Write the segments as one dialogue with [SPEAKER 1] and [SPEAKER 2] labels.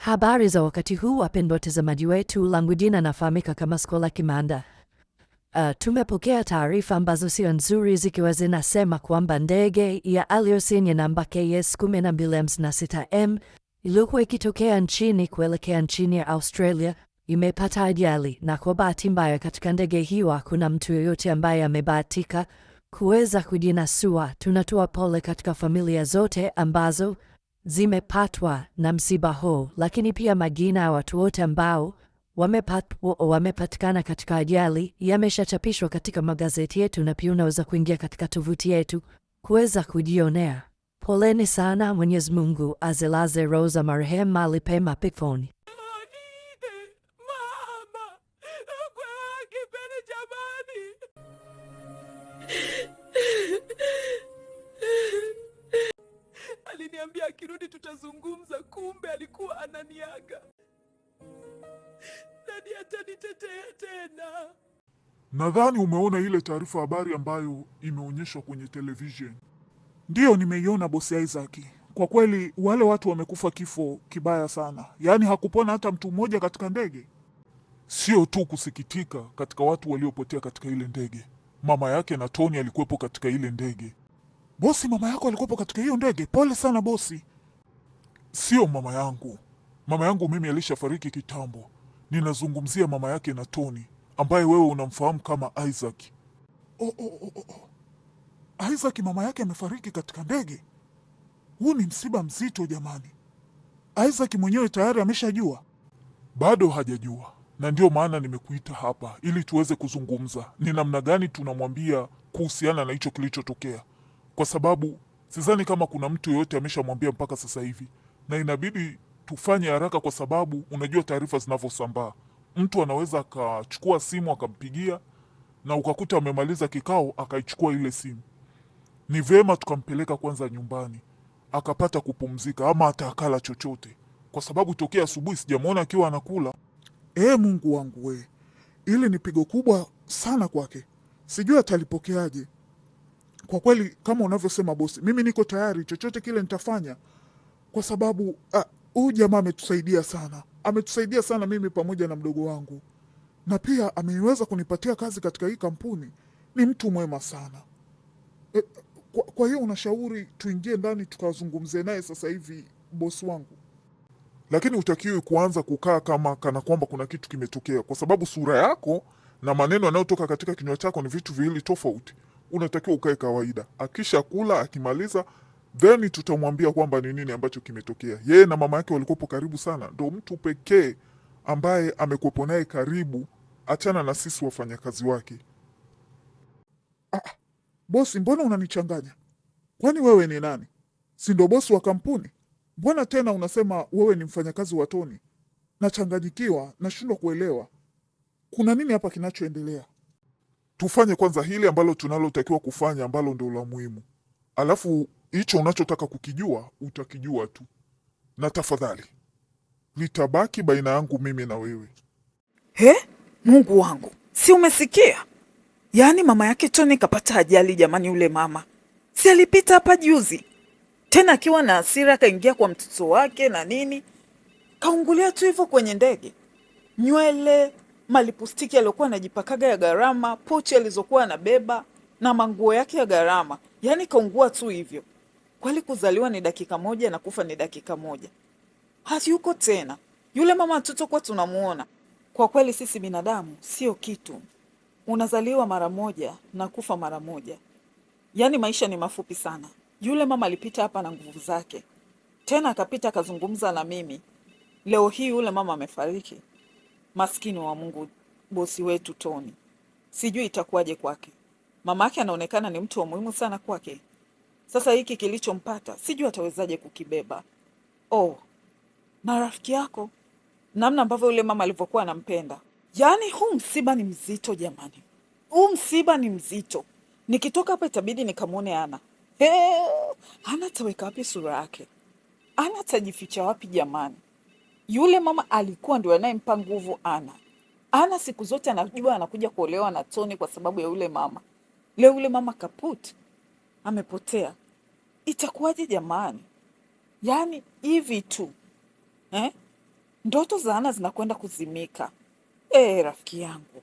[SPEAKER 1] Habari za wakati huu wapendwa watazamaji wetu, langu jina anafahamika kama Skola Kimanda. Uh, tumepokea taarifa ambazo sio nzuri zikiwa zinasema kwamba ndege ya Aliosin ya namba KS 1256M iliyokuwa ikitokea nchini kuelekea nchini ya Australia imepata ajali, na kwa bahati mbaya katika ndege hiyo hakuna mtu yoyote ambaye amebahatika kuweza kujinasua. Tunatoa pole katika familia zote ambazo zimepatwa na msiba huu, lakini pia majina ya watu wote ambao wamepatikana katika ajali yameshachapishwa katika magazeti yetu, na pia unaweza kuingia katika tovuti yetu kuweza kujionea. Poleni sana. Mwenyezi Mungu azilaze roho za marehemu mahali pema peponi.
[SPEAKER 2] aliniambia akirudi tutazungumza, kumbe alikuwa ananiaga. Nani atanitetea tena?
[SPEAKER 3] Nadhani umeona ile taarifa habari ambayo imeonyeshwa kwenye television.
[SPEAKER 4] Ndiyo, nimeiona bosi Isaac. Kwa kweli wale watu wamekufa kifo kibaya sana, yaani hakupona hata mtu mmoja katika ndege.
[SPEAKER 3] Sio tu kusikitika katika watu waliopotea katika ile ndege, mama yake na Tony alikuwepo katika ile ndege,
[SPEAKER 4] Bosi, mama yako alikuwepo katika hiyo ndege? Pole sana bosi.
[SPEAKER 3] Sio mama yangu, mama yangu mimi alishafariki kitambo. Ninazungumzia mama yake na Toni ambaye wewe unamfahamu kama Isaac.
[SPEAKER 4] Oh, oh, oh, oh. Isaac mama yake amefariki katika ndege. Huu ni msiba mzito jamani. Isaac mwenyewe tayari ameshajua?
[SPEAKER 3] Bado hajajua, na ndio maana nimekuita hapa ili tuweze kuzungumza ni namna gani tunamwambia kuhusiana na hicho kilichotokea kwa sababu sidhani kama kuna mtu yoyote ameshamwambia mpaka sasa hivi, na inabidi tufanye haraka, kwa sababu unajua taarifa zinavyosambaa. Mtu anaweza akachukua simu akampigia, na ukakuta amemaliza kikao akaichukua ile simu. Ni vema tukampeleka kwanza nyumbani akapata kupumzika, ama hata akala chochote, kwa sababu tokea asubuhi sijamwona akiwa anakula.
[SPEAKER 4] E, Mungu wangu we, ili ni pigo kubwa sana kwake, sijui atalipokeaje kwa kweli kama unavyosema bosi, mimi niko tayari chochote kile nitafanya, kwa sababu ah, huyu uh, jamaa ametusaidia sana, ametusaidia sana mimi pamoja na mdogo wangu, na pia ameweza kunipatia kazi katika hii kampuni. Ni mtu mwema sana e, kwa, kwa hiyo unashauri tuingie ndani tukazungumze naye sasa hivi, bosi wangu?
[SPEAKER 3] Lakini utakiwi kuanza kukaa kama kana kwamba kuna kitu kimetokea, kwa sababu sura yako na maneno yanayotoka katika kinywa chako ni vitu viwili tofauti unatakiwa ukae kawaida. Akisha kula akimaliza, then tutamwambia kwamba ni nini ambacho kimetokea. Yeye na mama yake walikuwepo karibu sana, ndo mtu pekee ambaye amekuwepo naye karibu, achana na sisi wafanyakazi wake.
[SPEAKER 4] Ah, bosi, mbona unanichanganya? Kwani wewe ni nani? Si ndo bosi wa kampuni? Mbona tena unasema wewe ni mfanyakazi wa Toni? Nachanganyikiwa, nashindwa kuelewa kuna nini hapa kinachoendelea
[SPEAKER 3] tufanye kwanza hili ambalo tunalotakiwa kufanya ambalo ndio la muhimu, alafu hicho unachotaka kukijua utakijua tu, na tafadhali litabaki baina yangu mimi na wewe.
[SPEAKER 5] He, Mungu wangu, si umesikia? Yaani mama yake Toni kapata ajali jamani! Yule mama si alipita hapa juzi tena, akiwa na hasira akaingia kwa mtoto wake na nini, kaungulia tu hivyo kwenye ndege, nywele malipustiki aliyokuwa anajipakaga ya gharama, pochi alizokuwa anabeba na manguo yake ya gharama, yaani kaungua tu hivyo. Kwali kuzaliwa ni dakika moja na kufa ni dakika moja. Hayuko tena yule mama, hatutakuwa tunamuona. Kwa kweli sisi binadamu sio kitu, unazaliwa mara moja na kufa mara moja, yaani maisha ni mafupi sana. Yule mama alipita hapa na nguvu zake, tena akapita akazungumza na mimi. Leo hii yule mama amefariki. Maskini wa Mungu, bosi wetu Toni, sijui itakuwaje kwake. mama yake anaonekana ni mtu wa muhimu sana kwake. Sasa hiki kilichompata sijui atawezaje kukibeba. Oh, marafiki yako, namna ambavyo yule mama alivyokuwa anampenda. Yaani huu msiba ni mzito jamani, huu msiba ni mzito. Nikitoka hapa itabidi nikamwone Ana. Ana ataweka wapi sura yake? Ana atajificha wapi jamani? Yule mama alikuwa ndio anayempa nguvu Ana. Ana siku zote anajua anakuja kuolewa na Toni kwa sababu ya yule mama. Leo yule mama kaput amepotea, itakuwaje jamani? Yaani hivi tu eh? Ndoto za Ana zinakwenda kuzimika. E, rafiki yangu,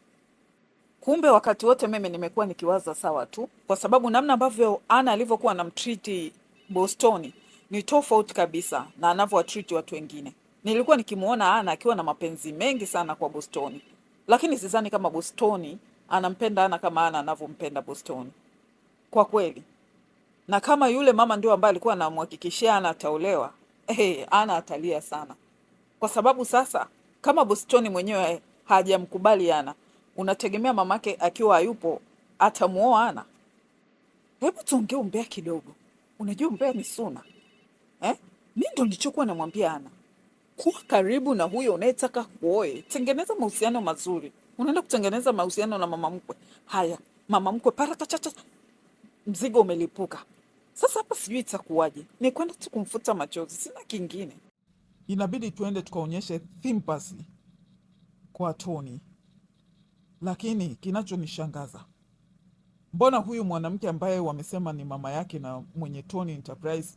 [SPEAKER 5] kumbe wakati wote mimi nimekuwa nikiwaza sawa tu, kwa sababu namna ambavyo Ana alivyokuwa anamtriti Bostoni ni tofauti kabisa na anavyowatriti watu wengine nilikuwa nikimwona Ana akiwa na mapenzi mengi sana kwa Bostoni, lakini sidhani kama Bostoni anampenda Ana kama Ana anavyompenda Bostoni kwa kweli. Na kama yule mama ndio ambaye alikuwa anamhakikishia Ana ataolewa, hey, eh, Ana atalia sana, kwa sababu sasa kama Bostoni mwenyewe hajamkubali Ana, unategemea mamake akiwa hayupo atamuoa Ana? Hebu tuongee umbea kidogo. Unajua umbea ni suna eh? Mi ndo nilichokuwa namwambia Ana kuwa karibu na huyo unayetaka kuoe, tengeneza mahusiano mazuri. Unaenda kutengeneza mahusiano na mama mkwe, haya mama mkwe parakachacha, mzigo umelipuka. Sasa hapa sijui itakuwaje, ni kwenda tu kumfuta machozi, sina kingine.
[SPEAKER 4] Inabidi tuende tukaonyeshe thimpasi kwa Toni, lakini kinachonishangaza mbona huyu mwanamke ambaye wamesema ni mama yake na mwenye Toni Enterprise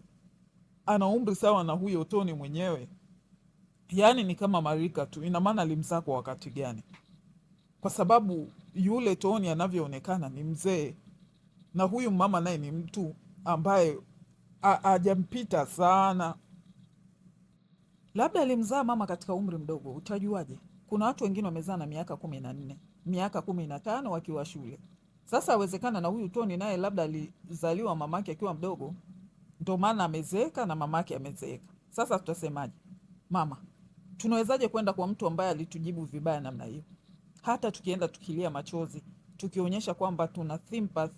[SPEAKER 4] ana umri sawa na huyo Toni mwenyewe? yani ni kama marika tu, ina maana alimzaa kwa wakati gani? Kwa sababu yule Toni anavyoonekana ni mzee, na huyu mama naye ni mtu ambaye hajampita sana,
[SPEAKER 5] labda alimzaa mama katika umri mdogo. Utajuaje? Kuna watu wengine wamezaa na miaka kumi na nne, miaka kumi na tano wakiwa shule. Sasa awezekana na huyu Toni naye labda alizaliwa mamake akiwa mdogo, ndio maana amezeeka na mamake amezeeka. Sasa tutasemaje mama Tunawezaje kwenda kwa mtu ambaye alitujibu vibaya namna hiyo? Hata tukienda tukilia machozi, tukionyesha kwamba tuna sympathy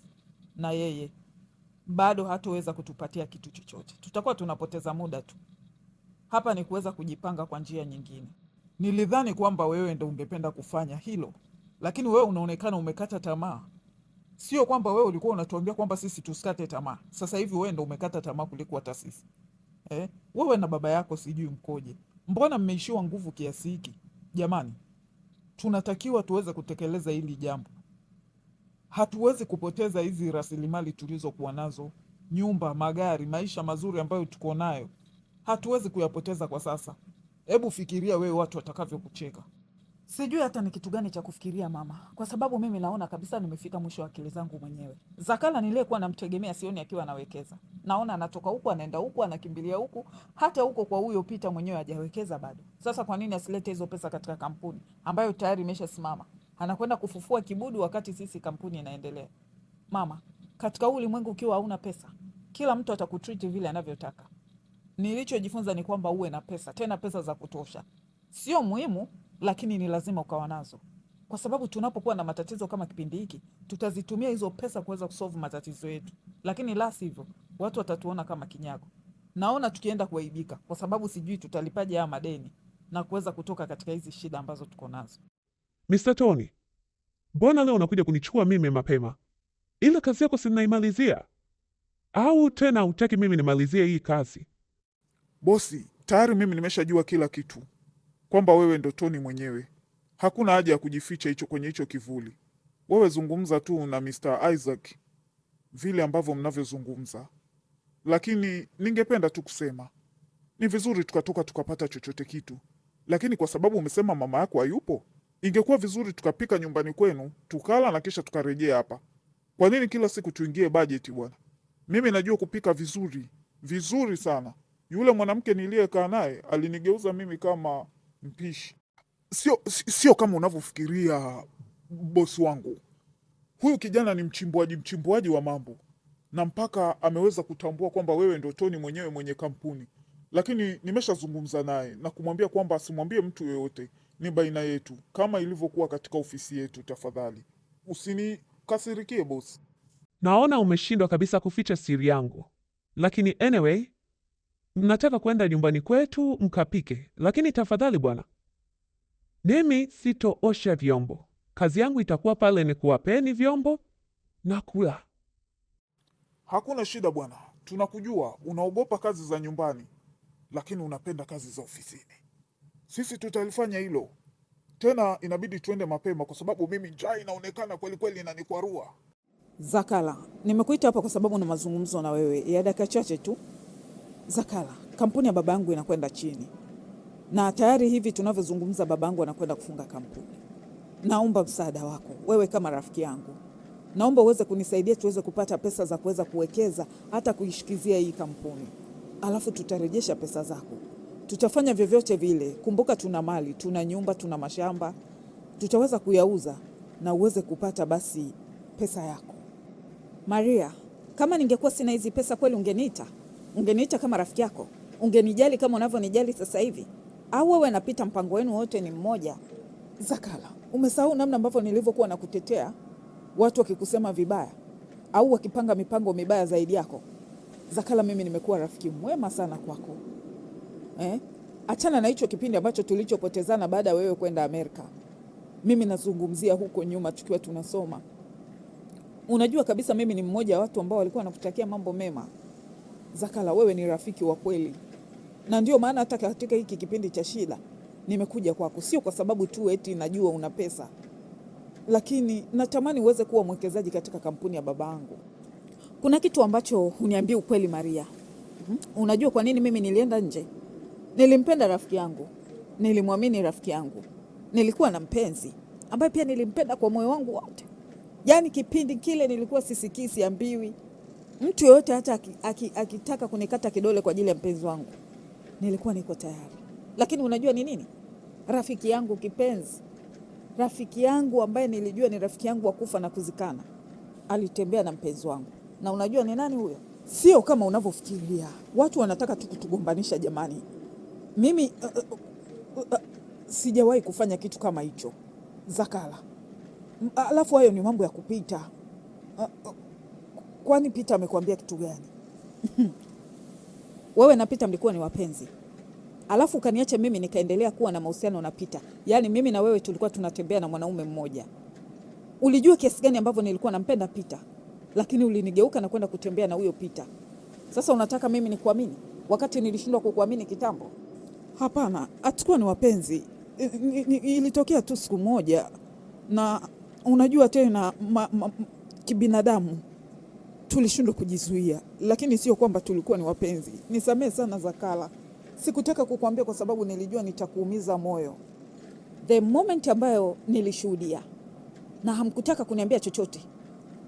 [SPEAKER 5] na yeye, bado hatoweza kutupatia kitu chochote. Tutakuwa tunapoteza muda tu. Hapa ni kuweza kujipanga kwa njia nyingine.
[SPEAKER 4] Nilidhani kwamba wewe ndo ungependa kufanya hilo, lakini wewe unaonekana umekata tamaa. Sio kwamba wewe ulikuwa unatuambia kwamba sisi tusikate tamaa. Sasa hivi wewe ndo umekata tamaa kuliko hata sisi eh? Wewe na baba yako sijui mkoje. Mbona mmeishiwa nguvu kiasi hiki? Jamani, tunatakiwa tuweze kutekeleza hili jambo. Hatuwezi kupoteza hizi rasilimali tulizokuwa nazo, nyumba, magari, maisha mazuri ambayo tuko nayo, hatuwezi kuyapoteza kwa sasa. Hebu fikiria wewe watu watakavyokucheka.
[SPEAKER 5] Sijui hata ni kitu gani cha kufikiria mama, kwa sababu mimi naona kabisa nimefika mwisho wa akili zangu mwenyewe. Zakala niliyekuwa namtegemea sioni akiwa anawekeza, naona anatoka huku anaenda huku anakimbilia huku, hata huko kwa huyo Pita mwenyewe hajawekeza bado. Sasa kwa nini asilete hizo pesa katika kampuni ambayo tayari imeshasimama? Anakwenda kufufua kibudu wakati sisi kampuni inaendelea. Mama, katika huu ulimwengu ukiwa hauna pesa, kila mtu atakutreat vile anavyotaka. Nilichojifunza ni kwamba uwe na pesa, tena pesa za kutosha, sio muhimu lakini ni lazima ukawa nazo, kwa sababu tunapokuwa na matatizo kama kipindi hiki, tutazitumia hizo pesa kuweza kusolve matatizo yetu, lakini la sivyo watu watatuona kama kinyago. Naona tukienda kuaibika, kwa sababu sijui tutalipaje haya madeni na kuweza kutoka katika hizi shida ambazo tuko nazo.
[SPEAKER 6] Mr. Tony, mbona leo unakuja kunichukua mimi mapema? ila kazi yako sinaimalizia au tena hutaki mimi nimalizie hii kazi?
[SPEAKER 3] Bosi, tayari mimi nimeshajua kila kitu kwamba wewe ndo Toni mwenyewe. Hakuna haja ya kujificha hicho kwenye hicho kivuli. Wewe zungumza tu na Mr. Isaac vile ambavyo mnavyozungumza. Lakini ningependa tu kusema ni vizuri tukatoka tukapata chochote kitu, lakini kwa sababu umesema mama yako hayupo, ingekuwa vizuri tukapika nyumbani kwenu tukala na kisha tukarejea hapa. Kwa nini kila siku tuingie bajeti bwana? Mimi najua kupika vizuri vizuri sana. Yule mwanamke niliyekaa naye alinigeuza mimi kama mpishi. Sio, sio kama unavyofikiria bosi wangu. Huyu kijana ni mchimbuaji, mchimbuaji wa mambo, na mpaka ameweza kutambua kwamba wewe ndo Toni mwenyewe mwenye kampuni. Lakini nimeshazungumza naye na kumwambia kwamba asimwambie mtu yoyote, ni baina yetu, kama ilivyokuwa katika ofisi yetu. Tafadhali usinikasirikie bosi.
[SPEAKER 6] Naona umeshindwa kabisa kuficha siri yangu, lakini anyway, mnataka kwenda nyumbani kwetu mkapike, lakini tafadhali bwana, mimi sitoosha vyombo. Kazi yangu itakuwa pale ni kuwapeni vyombo na kula.
[SPEAKER 3] Hakuna shida bwana, tunakujua unaogopa kazi za nyumbani, lakini unapenda kazi za ofisini. Sisi tutalifanya hilo. Tena inabidi tuende mapema, kwa sababu mimi njaa inaonekana kweli kweli inanikwarua.
[SPEAKER 5] Zakala, nimekuita hapa kwa sababu na mazungumzo na wewe ya dakika chache tu. Zakala, kampuni ya baba yangu inakwenda chini, na tayari hivi tunavyozungumza baba yangu anakwenda kufunga kampuni. Naomba msaada wako wewe, kama rafiki yangu, naomba uweze kunisaidia tuweze kupata pesa za kuweza kuwekeza hata kuishikizia hii kampuni, alafu tutarejesha pesa zako. Tutafanya vyovyote vile, kumbuka tuna mali, tuna nyumba, tuna mashamba, tutaweza kuyauza na uweze kupata basi pesa yako. Maria, kama ningekuwa sina hizi pesa kweli ungeniita? ungeniita kama rafiki yako, ungenijali kama unavyonijali sasa hivi, au wewe napita, mpango wenu wote ni mmoja. Zakala, umesahau namna ambavyo nilivyokuwa nakutetea watu wakikusema vibaya au wakipanga mipango mibaya zaidi yako? Zakala, mimi nimekuwa rafiki mwema sana kwako eh? Achana na hicho kipindi ambacho tulichopotezana baada ya wewe kwenda Amerika. Mimi nazungumzia huko nyuma tukiwa tunasoma. Unajua kabisa mimi ni mmoja wa watu ambao walikuwa wanakutakia mambo mema. Zakala, wewe ni rafiki wa kweli, na ndio maana hata katika hiki kipindi cha shida nimekuja kwako, sio kwa sababu tu eti najua una pesa, lakini natamani uweze kuwa mwekezaji katika kampuni ya baba yangu. Kuna kitu ambacho huniambia ukweli, Maria. -hmm. Unajua kwa nini mimi nilienda nje? Nilimpenda rafiki yangu, nilimwamini rafiki yangu, nilikuwa na mpenzi ambaye pia nilimpenda kwa moyo wangu wote. Yaani kipindi kile nilikuwa sisikii, siambiwi mtu yoyote hata akitaka kunikata kidole kwa ajili ya mpenzi wangu nilikuwa niko tayari, lakini unajua ni nini? Rafiki yangu kipenzi, rafiki yangu ambaye nilijua ni rafiki yangu wa kufa na kuzikana, alitembea na mpenzi wangu. Na unajua ni nani huyo? Sio kama unavyofikiria. Watu wanataka tu kutugombanisha jamani. Mimi uh, uh, uh, uh sijawahi kufanya kitu kama hicho Zakala. Alafu hayo ni mambo ya kupita. Uh, uh, Kwani Pita amekuambia kitu gani? Wewe na Pita mlikuwa ni wapenzi, alafu ukaniacha mimi nikaendelea kuwa na mahusiano na Pita. Yaani mimi na wewe tulikuwa tunatembea na mwanaume mmoja. Ulijua kiasi gani ambavyo nilikuwa nampenda Pita, lakini ulinigeuka na kwenda kutembea na huyo Pita. Sasa unataka mimi nikuamini wakati nilishindwa kukuamini kitambo?
[SPEAKER 4] Hapana, hatukuwa ni wapenzi, ilitokea tu siku moja, na unajua tena ma, ma, kibinadamu tulishindwa kujizuia, lakini sio kwamba tulikuwa ni wapenzi. Nisamehe sana Zakala, sikutaka kukuambia kwa sababu nilijua nitakuumiza moyo.
[SPEAKER 5] The moment ambayo nilishuhudia na hamkutaka kuniambia chochote,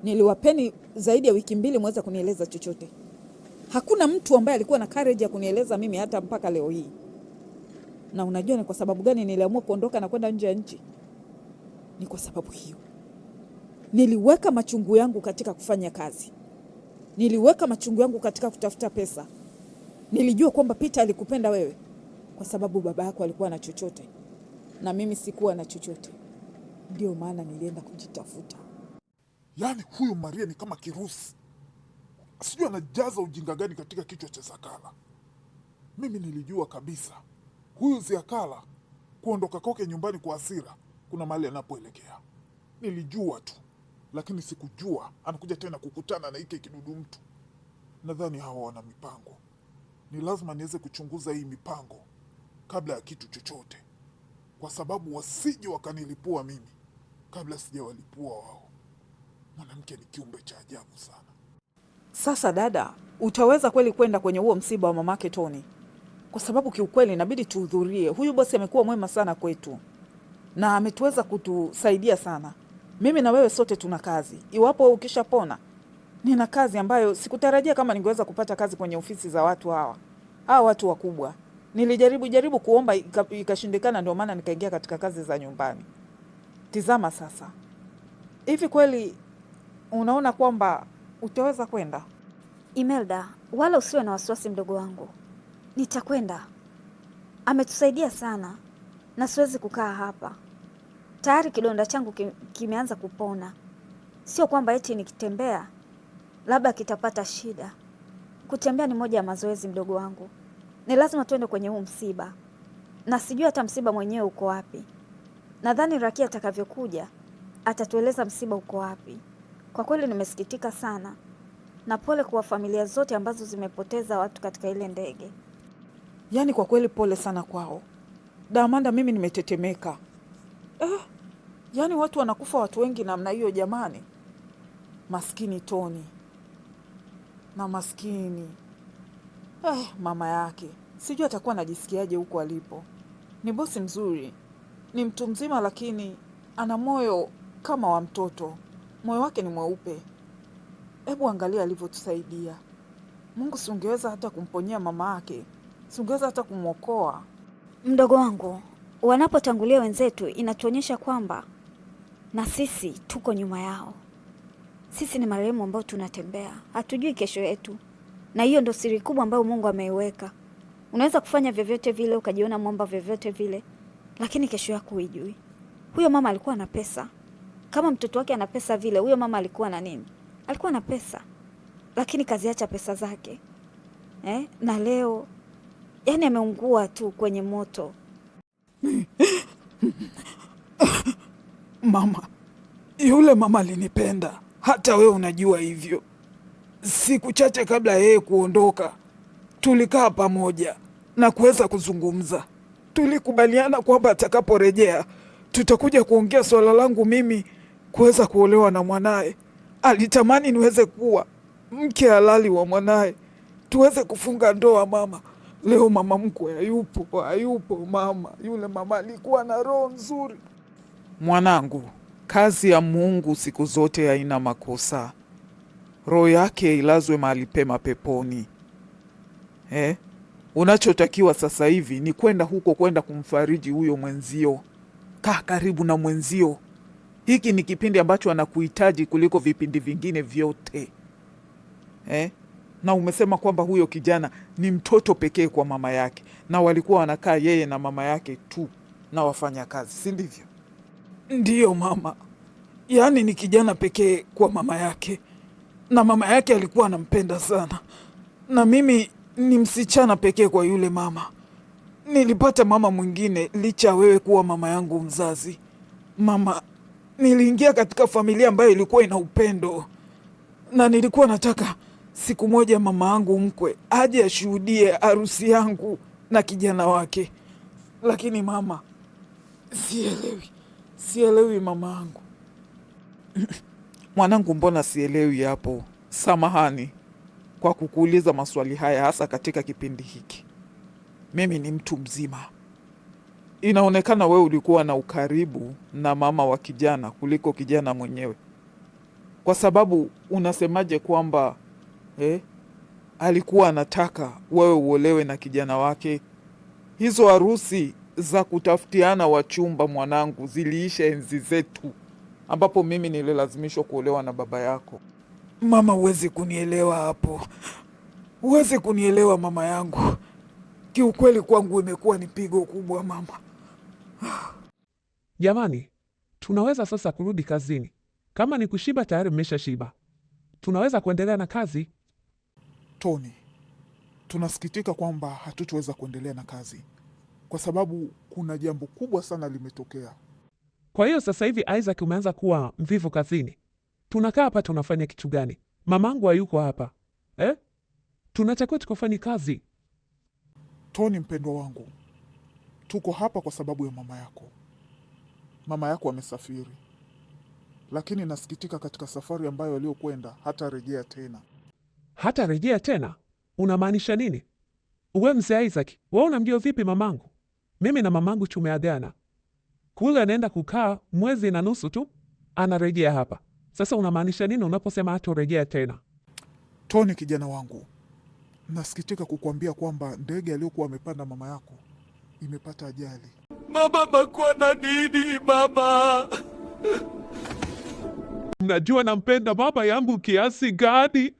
[SPEAKER 5] niliwapeni zaidi ya wiki mbili mweza kunieleza chochote. Hakuna mtu ambaye alikuwa na courage ya kunieleza mimi hata mpaka leo hii. Na unajua ni kwa sababu gani niliamua kuondoka na kwenda nje ya nchi? Ni kwa sababu hiyo niliweka machungu yangu katika kufanya kazi. Niliweka machungu yangu katika kutafuta pesa. Nilijua kwamba Peter alikupenda wewe kwa sababu baba yako alikuwa na chochote na mimi sikuwa na chochote, ndio maana nilienda kujitafuta.
[SPEAKER 3] Yaani huyu Maria ni kama kirusi, sijui anajaza ujinga gani katika kichwa cha Zakala. Mimi nilijua kabisa huyu Zakala kuondoka kwake nyumbani kwa hasira kuna mahali anapoelekea, nilijua tu lakini sikujua anakuja tena kukutana na hiki kidudu mtu. Nadhani hawa wana mipango, ni lazima niweze kuchunguza hii mipango kabla ya kitu chochote, kwa sababu wasije wakanilipua mimi kabla sijawalipua wao. Mwanamke ni kiumbe cha ajabu sana.
[SPEAKER 5] Sasa dada, utaweza kweli kwenda kwenye huo msiba wa mamake Toni? Kwa sababu kiukweli inabidi tuhudhurie. Huyu bosi amekuwa mwema sana kwetu na ametuweza kutusaidia sana mimi na wewe sote tuna kazi. Iwapo ukishapona, nina kazi ambayo sikutarajia kama ningeweza kupata kazi kwenye ofisi za watu hawa hawa watu wakubwa. Nilijaribu jaribu kuomba ikashindikana, ndio maana nikaingia katika kazi za nyumbani. Tizama sasa hivi, kweli unaona kwamba utaweza kwenda?
[SPEAKER 7] Imelda, wala usiwe na wasiwasi, mdogo wangu, nitakwenda. Ametusaidia sana na siwezi kukaa hapa tayari kidonda changu kimeanza kupona, sio kwamba eti nikitembea labda kitapata shida. Kutembea ni moja ya mazoezi, mdogo wangu, ni lazima tuende kwenye huu msiba, na sijui hata msiba mwenyewe uko wapi. Nadhani Raki atakavyokuja atatueleza msiba uko wapi. Kwa kweli nimesikitika sana, na pole kwa familia zote ambazo zimepoteza watu katika ile ndege.
[SPEAKER 5] Yaani kwa kweli pole sana kwao. Damanda, mimi nimetetemeka eh. Yaani watu wanakufa watu wengi namna hiyo jamani. Maskini Toni na maskini eh, mama yake sijui atakuwa anajisikiaje huko alipo. Ni bosi mzuri, ni mtu mzima, lakini ana moyo kama wa mtoto. Moyo wake ni mweupe. Hebu angalia alivyotusaidia. Mungu, si ungeweza hata kumponyea mama yake, si ungeweza hata kumwokoa
[SPEAKER 7] mdogo wangu. Wanapotangulia wenzetu, inatuonyesha kwamba na sisi tuko nyuma yao. Sisi ni marehemu ambao tunatembea, hatujui kesho yetu, na hiyo ndo siri kubwa ambayo Mungu ameiweka. Unaweza kufanya vyovyote vile ukajiona mwamba vyovyote vile, lakini kesho yako huijui. Huyo mama alikuwa na pesa kama mtoto wake ana pesa vile. Huyo mama alikuwa na nini? Alikuwa na pesa, lakini kaziacha pesa zake eh? na leo yani ameungua tu kwenye moto
[SPEAKER 2] mama, yule mama alinipenda, hata wewe unajua hivyo. Siku chache kabla yeye kuondoka, tulikaa pamoja na kuweza kuzungumza. Tulikubaliana kwamba atakaporejea tutakuja kuongea swala langu mimi kuweza kuolewa na mwanaye. Alitamani niweze kuwa mke halali wa mwanaye, tuweze kufunga ndoa. Mama, leo mama mkwe hayupo, hayupo mama. Yule mama alikuwa na roho nzuri.
[SPEAKER 8] Mwanangu, kazi ya Mungu siku zote haina makosa. Roho yake ilazwe mahali pema peponi eh? Unachotakiwa sasa hivi ni kwenda huko, kwenda kumfariji huyo mwenzio. Kaa karibu na mwenzio. Hiki ni kipindi ambacho anakuhitaji kuliko vipindi vingine vyote eh? Na umesema kwamba huyo kijana ni mtoto pekee kwa mama yake, na walikuwa wanakaa yeye na mama yake tu na wafanya kazi, si ndivyo?
[SPEAKER 2] Ndiyo mama, yaani ni kijana pekee kwa mama yake, na mama yake alikuwa anampenda sana, na mimi ni msichana pekee kwa yule mama. Nilipata mama mwingine licha ya wewe kuwa mama yangu mzazi. Mama, niliingia katika familia ambayo ilikuwa ina upendo, na nilikuwa nataka siku moja mama yangu mkwe aje ashuhudie harusi yangu na kijana wake, lakini mama, sielewi Sielewi mama angu
[SPEAKER 8] Mwanangu, mbona sielewi hapo? Samahani kwa kukuuliza maswali haya, hasa katika kipindi hiki. Mimi ni mtu mzima. Inaonekana wewe ulikuwa na ukaribu na mama wa kijana kuliko kijana mwenyewe, kwa sababu unasemaje kwamba eh, alikuwa anataka wewe uolewe na kijana wake? Hizo harusi za kutafutiana wachumba mwanangu, ziliisha enzi zetu, ambapo mimi nililazimishwa kuolewa na baba yako.
[SPEAKER 2] Mama, huwezi kunielewa hapo, huwezi kunielewa mama yangu. Kiukweli kwangu imekuwa ni pigo kubwa mama.
[SPEAKER 6] Jamani, tunaweza sasa kurudi kazini. Kama ni kushiba tayari mmesha shiba, tunaweza kuendelea na kazi.
[SPEAKER 3] Tony, tunasikitika kwamba hatutuweza kuendelea na kazi kwa sababu kuna jambo kubwa sana limetokea.
[SPEAKER 6] Kwa hiyo sasa hivi Isaac, umeanza kuwa mvivu kazini. Tunakaa hapa tunafanya kitu gani? Mamangu hayuko hapa eh? Tunatakiwa tukafanye kazi.
[SPEAKER 3] toni mpendwa wangu, tuko hapa kwa sababu ya mama yako. Mama yako amesafiri, lakini nasikitika, katika safari ambayo aliyokwenda hatarejea tena.
[SPEAKER 6] Hatarejea tena? Unamaanisha nini? We mzee Isaac, wewe unamjua vipi mamangu? Mimi na mamangu tumeagana, kule anaenda kukaa mwezi na nusu tu, anarejea hapa. Sasa unamaanisha nini unaposema hatorejea tena?
[SPEAKER 3] Toni, kijana wangu, nasikitika kukuambia kwamba ndege aliyokuwa amepanda mama yako imepata ajali.
[SPEAKER 2] Mama makuwa na nini mama?
[SPEAKER 6] Mnajua nampenda baba yangu kiasi gani?